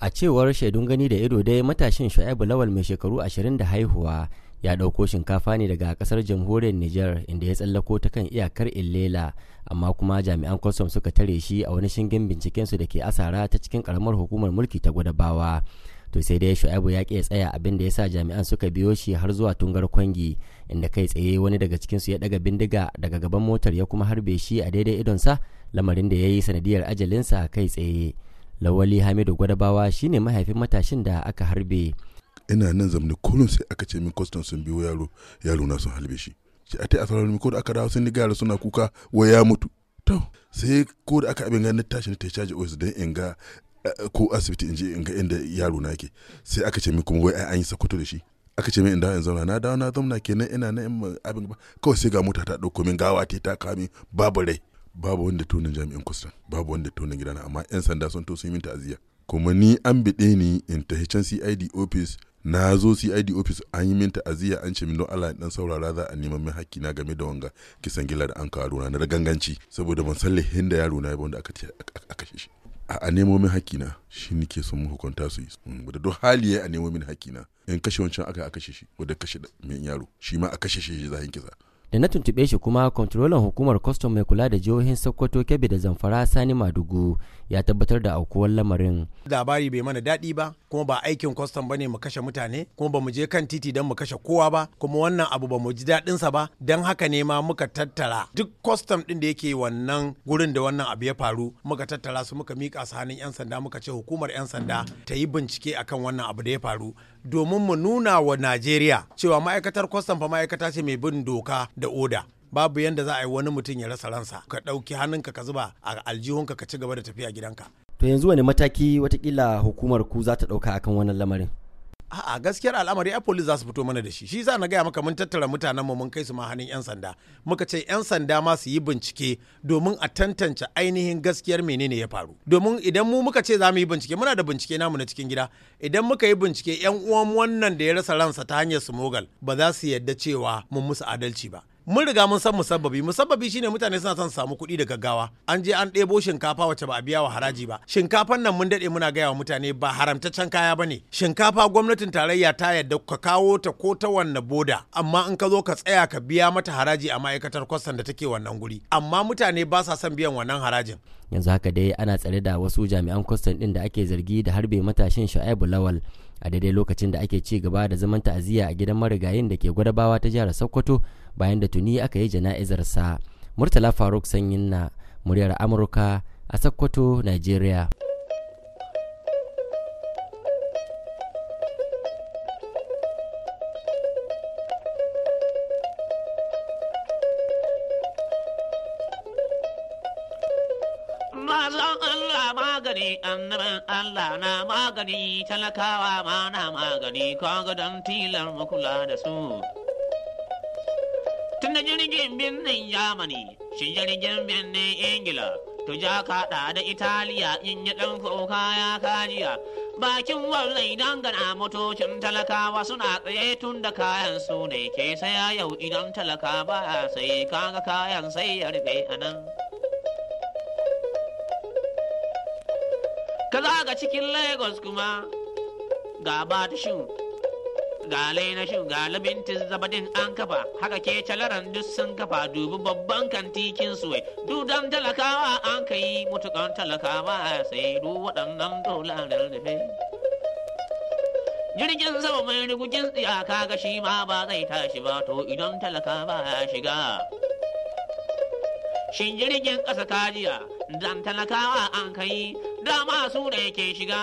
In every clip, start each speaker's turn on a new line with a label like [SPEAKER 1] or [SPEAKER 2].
[SPEAKER 1] a cewar shaidun gani da ido dai matashin shu'aibu lawal mai shekaru ashirin da haihuwa ya ɗauko shinkafa ne daga kasar jamhuriyar niger inda ya tsallako ta kan iyakar illela amma kuma jami'an kwastam suka tare shi a wani shingen bincikensu da ke asara ta cikin karamar hukumar mulki ta gwadabawa to sai dai shu'aibu ya ya tsaya abin da ya sa jami'an suka biyo shi har zuwa tungar kwangi inda kai tsaye wani daga cikinsu ya daga bindiga daga gaban motar ya kuma harbe shi a daidai idonsa lamarin da ya yi sanadiyar ajalinsa kai tsaye lawali hamidu gwadabawa shine mahaifin matashin da aka harbe
[SPEAKER 2] ina nan zamani kullum sai aka ce min kwastan sun biyo yaro yaro na sun halbe shi shi a ta asarar ko da aka dawo sun ni gara suna kuka wa ya mutu to sai ko da aka abin ganin tashi na ta caji ois don in ga eh, ko asibiti in je in ga inda yaro na ke sai aka ce min kuma wai an yi sakwato da shi aka ce min in dawo in zauna na dawo na zauna kenan ina nan abin ba kawai sai ga mota ta ɗauko min gawa ta ta kame babu rai babu wanda tonin jami'in kustan babu wanda tonin gidana amma 'yan sanda sun to sun min ta'aziyya kuma ni an biɗe ni in ta can cid office na zo cid office an yi min ta'aziyya an ce min don allah dan saurara za a neman min hakki na game da wanga kisan gila da an kawo na da ganganci saboda ban san lahin da yaro na ya wanda aka shi a nemo min na shi nake son hukunta su yi mm, wadda duk hali ya a nemo min na in kashe wancan aka a kashe shi wadda kashe mai yaro shi ma a kashe shi zahin kisa
[SPEAKER 1] da na tuntuɓe shi kuma kontrolan hukumar kwastam mai kula da jihohin sokoto kebbi da zamfara sani madugu ya tabbatar da aukuwar lamarin
[SPEAKER 2] labari
[SPEAKER 3] bai mana daɗi ba kuma ba aikin kwastam ba ne mu kashe mutane kuma ba mu je kan titi don mu kashe kowa ba kuma wannan abu ba mu ji daɗin sa ba don haka ne ma muka tattara duk kwastam ɗin da yake wannan gurin da wannan abu ya faru muka tattara su muka miƙa su hannun 'yan sanda muka ce hukumar 'yan sanda ta yi bincike akan wannan abu da ya faru domin mu nuna wa Najeriya cewa ma'aikatar kwastam fa ma'aikata ce mai bin doka da oda. Babu yanda za a yi wani mutum ya rasa ransa, ka ɗauki hannunka ka zuba a aljihunka ka ci gaba da tafiya gidanka.
[SPEAKER 1] To yanzu wani mataki watakila hukumar ku za ta ɗauka akan wannan lamarin?
[SPEAKER 3] a'a gaskiyar al'amari ya police za su fito mana da shi shi za na gaya maka mun tattara mutanen mu mun kai su ma hannun yan sanda muka ce yan sanda ma su yi bincike domin a tantance ainihin gaskiyar menene ya faru domin idan mu muka ce za mu yi bincike muna da bincike namu na cikin gida idan muka yi bincike yan uwan wannan da ya rasa ransa ta hanyar smogal ba za su yadda cewa mun musu adalci ba mun riga mun san musabbabi musabbabi shine mutane suna son samu kuɗi da gaggawa an je an ɗebo shinkafa wacce ba a biya wa haraji ba shinkafan nan mun daɗe muna gaya wa mutane ba haramtaccen kaya ba ne shinkafa gwamnatin tarayya ta yadda ka kawo ta ko ta wanne boda amma in ka zo ka tsaya ka biya mata haraji a ma'aikatar kwastan da take wannan guri amma mutane ba sa son biyan wannan harajin
[SPEAKER 1] yanzu haka dai ana tsare da wasu jami'an kwastan din da ake zargi da harbe matashin sha'ibu lawal a daidai lokacin da ake ci gaba da zaman ta'aziyya a gidan marigayin da ke gwadabawa ta jihar sokoto bayan da tuni aka yi jana'izar sa murtala faruk sanyin na muryar amurka a sokoto nigeria
[SPEAKER 4] magani Allah na magani talakawa ma na magani kaga gadon tilar makula da su. na jirgin birnin Yamani, shi jirgin birnin Ingila, ja kaɗa da Italiya in yi ɗan kuka ya kajiya. Bakin wallai dangana motocin talakawa suna tsaye tun da kayan su ne ke saya yau idan talaka ba sai kaga kayan sai ya rufe a nan. Ka zaga cikin Lagos kuma ga Batishin ga na shin ga zabadin an kafa haka ke calaran duk sun kafa dubi babban kantikin duk dudan talakawa an ka yi mutukan talakawa sai du waɗannan dolarar da jirgin sama mai rigujin tsiyaka ga shi ma ba zai tashi ba to idan talakawa ya shiga shin jirgin ƙasa kajiya dan talakawa an kai dama su da yake shiga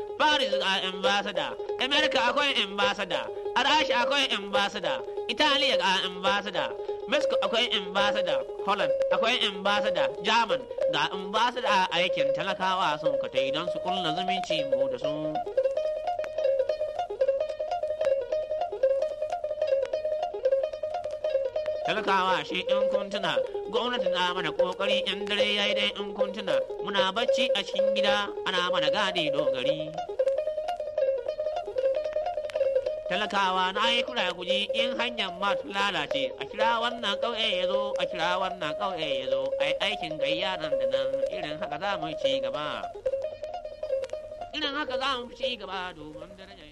[SPEAKER 4] Paris a ambassador, America akwai ambassador, Arashi akwai ambassador, Italiya a ambassador, Mexico akwai ambassador, Holland akwai ambassador, German ga ambassador a aikin talakawa sun katai don su kulla zumunci mu da su. talakawa shi in kuntuna gwamnati na mana kokari in dare yayi dai in kuntuna muna bacci a cikin gida ana mana gadi dogari talakawa na yi kuna guji in hanyar masu lalace a kira wannan ƙauye ya zo a kira wannan ƙauye ya zo a yi aikin gayya nan da nan irin haka za mu ci gaba irin haka za mu ci gaba domin darajar